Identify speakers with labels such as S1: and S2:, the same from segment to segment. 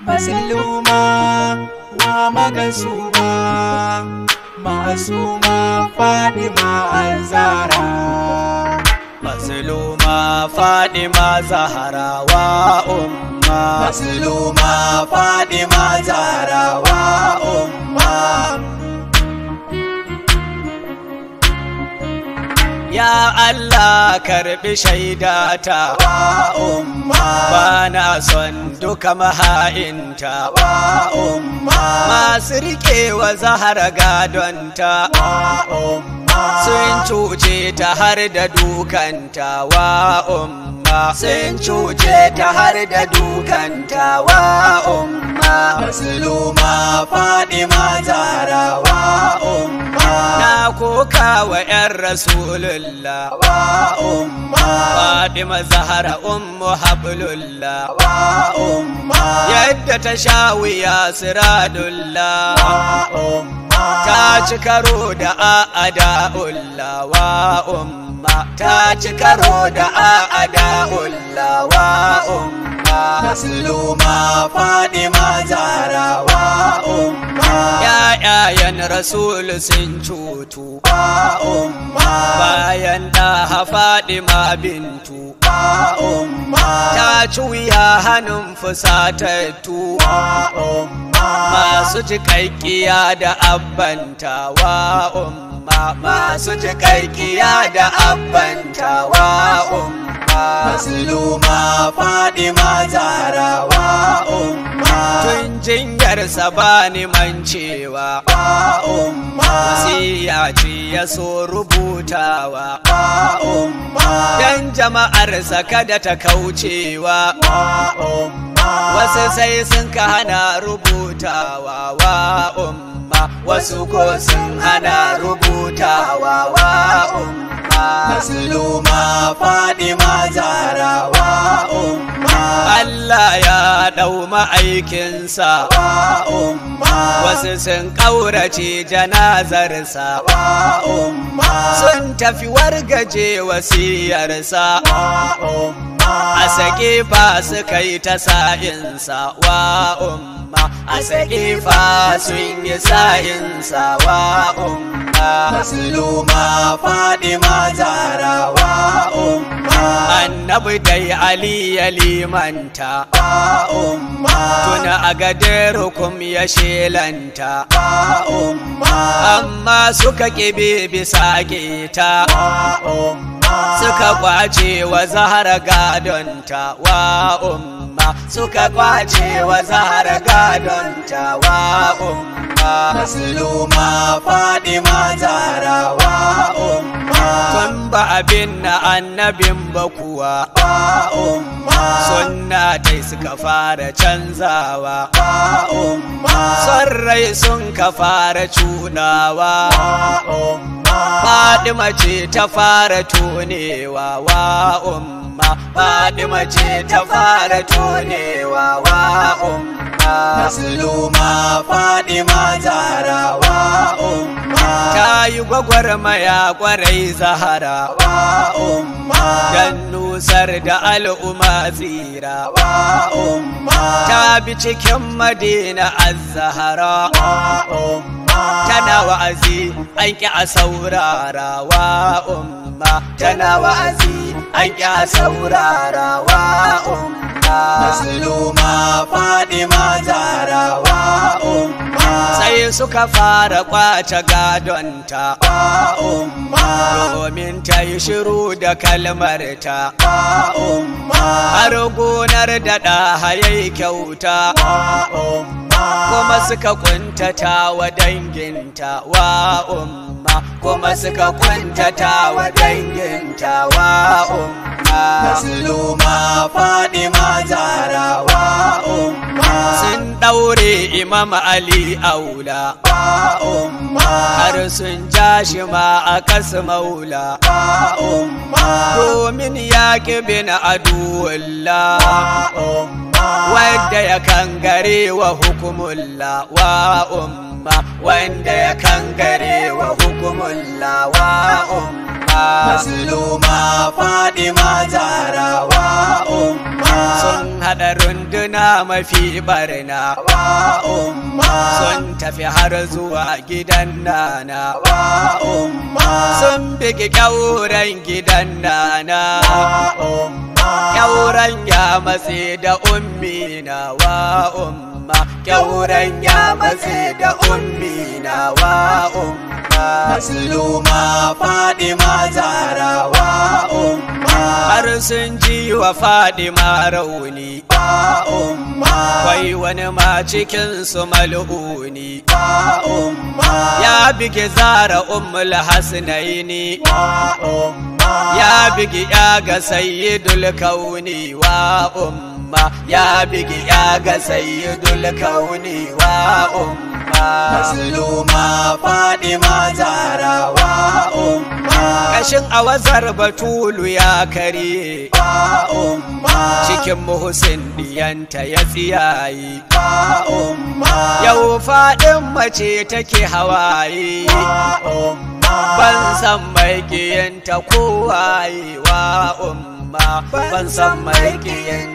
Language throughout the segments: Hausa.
S1: Masluma wa magasuma Masuma Fatima Azara Masluma Fatima Zahara wa umma Masluma Fatima Zahara wa umma ya Allah karbi shaidata wa umma bana son duka maha'inta wa umma masu riƙewa zahara gadonta wa umma sun cuce ta har da dukanta wa umma sun cuce ta har da dukanta wa umma masluma fadima zara wa umma na koka wa yan rasulullah wa umma fadima zahara ummu hablullah wa umma yadda ta sha siradullah wa umma ta ci karo da a'ada ullawa umma ta ci karo da a'ada ullawa umma tasluma ma zaharawa umma ya'ya'yan rasul sun cutu ba umma bayan da ma bintu ba umma ta cuya hannun fusatattu ba umma masu cikakkiya da abbanta wa umma masu cikakkiya da abbanta wa umma Masluma Fadima Zahrawa umma Tun jingarsa ba mancewa Wa umma Siya ce ya so rubutawa Wa umma Dan jama'arsa kada ta kaucewa Wa umma Wasu sai sun ka hana rubutawa wa umma Wasu ko sun hana rubutawa wa umma Masluma ma Zarawa Allah ya ɗau ma'aikinsa wasu sun ƙaurace janazarsa sun tafi wargaje wasiyarsa a sake fa su kai ta sa'insa wa umma a sake fa sun yi sa'insa wa umma masluma fadima zara wa umma annabi dai ali ya limanta umma tuna a gadar hukum ya shelanta umma amma suka kibe bisa geta a umma suka kwace wa zahara gadonta wa umma suka kwace wa zahara gadonta wa umma masluma fadima zahara wa umma tun ba abin na anna. annabin bakuwa oh, sunna dai suka fara canzawa oh, son rai sun ka fara cunawa oh, fadima ce ta fara tunewa. wa umma fadima ce ta fara tunewa. wa umma Masluma Fadima wa umma Ta yi gwagwarmaya kwarai wa umma Dan da al'umma wa umma Ta bi cikin Madina Az-Zahara umma tana wa'azi an ƙi a wa umma tana wa'azi an ƙi a wa umma zahra masluma fadima zahrawa umma sai suka fara kwace gadonta wa umma domin ta yi shiru da kalmarta wa umma har gonar da hayai kyauta wa umma kuma suka kuntata wa danginta wa umma kuma suka kuntata wa danginta wa umma Masluma Fadima Zahrawa umma Sun daure Imam Ali aula Wa umma Har sun ja shi ma a kasu maula Wa umma Domin ya bin aduwallah Wa umma Wadda ya kangare wa hukumullah Wa umma Wanda ya kangare wa hukumullah Wa umma Masluma Fadima Zahrawa umma Sun haɗa runduna mafi barna wa umma Sun tafi har zuwa gidan nana wa umma Sun bigi ƙyauren gidan nana wa umma Ƙyauren ya matse da ummi na wa umma Ƙyauren ya matse da ummi wa umma masluma fadima zaharawa umma har sun ji wa fadima rauni Wa umma wai wani ma cikin su mal'uni Wa umma ya bige zara ummul hasnaini Wa umma ya bige ya ga sayyidul kauni wa umma ya bige ya ga sayyidul kauni wa umma Masluma faɗi Zahrawa umma Kashin awazar Batulu ya kare Wa umma Cikin Muhsin diyanta ya tsiyayi Wa umma Yau faɗin mace take hawaye Wa umma Ban san mai giyanta kowaye Wa umma umma ban san mai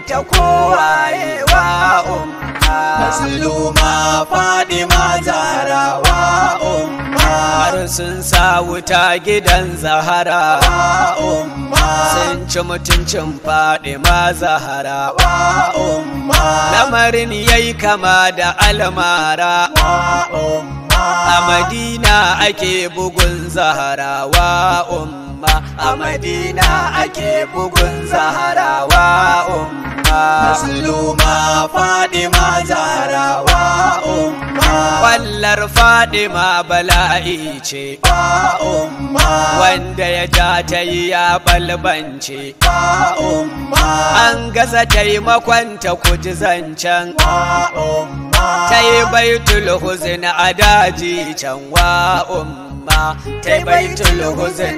S1: ta kowaye wa umma masluma fadima zahra wa umma har sun sa wuta gidan zahara wa umma sun ci mutuncin fadima zahara wa umma lamarin yayi kama da almara wa umma a madina ake bugun zahara wa umma umma a madina ake bugun zaharawa umma masluma fadima zaharawa umma wallar fadima bala'i ce ba umma wanda ya ja ta yi ya balbance ba umma an gasa taimakon ta kuji zancen ba umma ta yi baitul a daji can wa umma umma ta baitul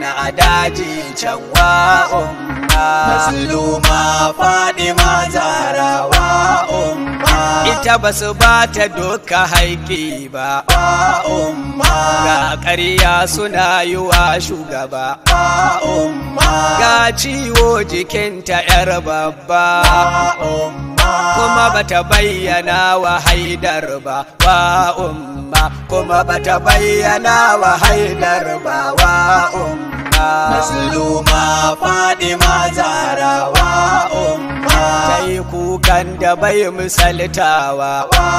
S1: a daji can wa umma masluma fadima zahra wa umma ita basu ba ta doka haiki ba wa umma ga ƙarya suna yi wa shugaba wa umma ga ciwo jikinta yar babba wa umma kuma bata bayyana wa haidar ba wa umma kuma bata bayyana wa haidar ba wa umma masluma fadima zara wa umma tai kukan da bai misaltawa wa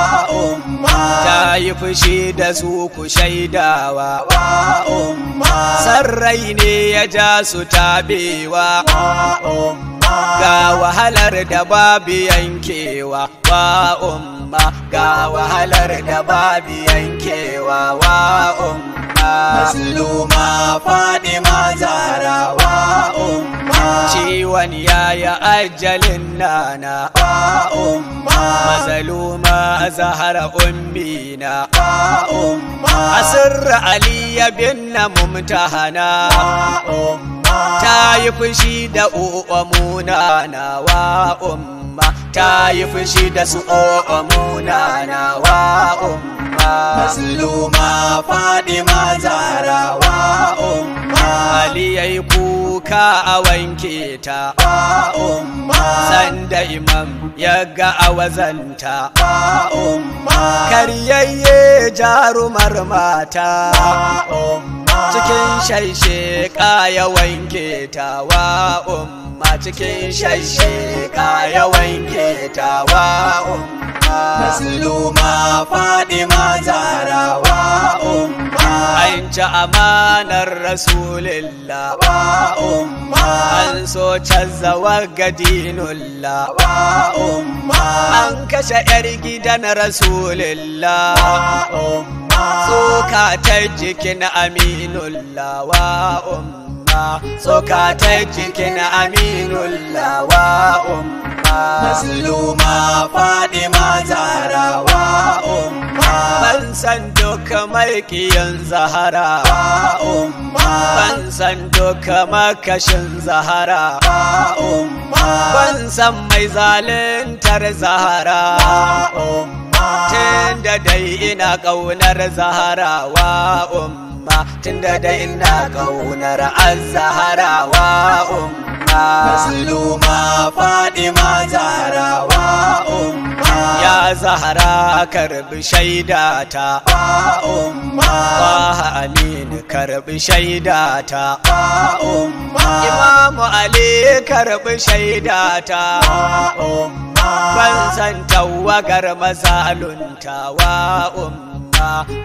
S1: umma tayi fushi da su ku shaidawa wa umma sarrai ne ya ja su tabewa wa umma ga wahalar da babu yankewa wa umma ga wahalar da babu yankewa wa umma masluma fadima zara wa umma ciwon yaya ajalin nana wa umma mazaluma zahra ummina wa umma Ali ya bin mumtahana wa umma ta yi fushi da o'o munanawa umma ta yi fushi da su o'o munanawa umma masluma fadima zarawa umma ali yayi kuka a wanke ta umma sanda imam ya ga a wazanta umma karyayye jarumar mata umma cikin shaishe ya wanke tawa umma a cikin shashika ya wanke tawa umma masluma fadima wa umma an ci amanar rasulillah wa umma an so canza wagadinullah wa umma an kashe yar gidan rasulillah wa umma tsoka ta jikin aminullah wa umma umma soka ta cikin aminul lawa umma masluma fadima zaharawa umma ban san duka maikiyan zahara umma ban san duka makashin zahara umma ban san mai zaluntar zahara umma Tenda dai ina ƙaunar wa umma umma tunda da ina kaunar azahara wa umma masluma fadima zara, wa umma ya zahara karbi shaidata wa umma wa amin karbi shaidata wa umma imamu ali karbi shaidata wa umma ban san tawagar mazalunta wa umma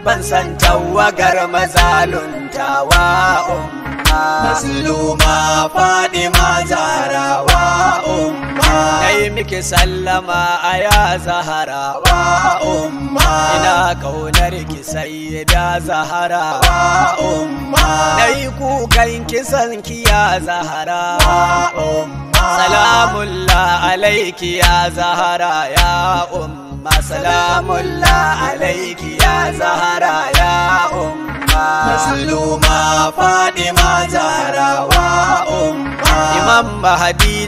S1: ban san tawagar mazaluntawa umma masluma fadima zaharawa umma dai miki sallama a ya wa umma ina kaunar ki sayyida wa umma dai kukan kisan ki ya wa umma salamun alaiki ya zahara ya umma masalamullah alaiki ya zahara ya umma masluma fadima zahara wa umma imam mahadi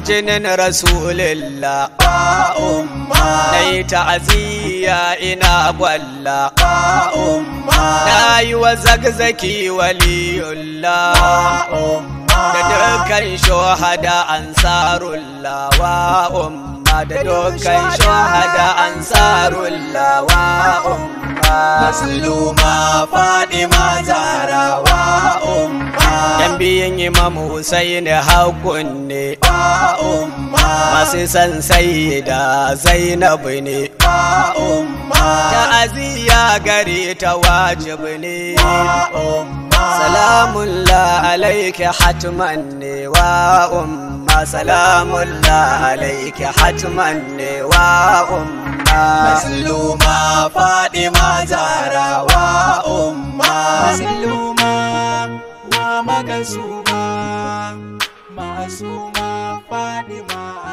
S1: rasulillah wa umma nai ta'aziyya ina gwalla wa umma nayi wa zagzaki waliyullah wa umma da dukkan shuhada ansarullah wa umma da dukkan shahada ansarullah wa umma masluma fadima zara. wa umma yan biyan Imam husaini hakun ne wa umma masu san sayyida zainab ne wa umma aziya gare ta wajib ne wa umma salamun la alayka hatman ne wa umma salamullah alaiki hatman ne wa umma masluma fadima zara wa umma masluma wa makasuma masuma fadima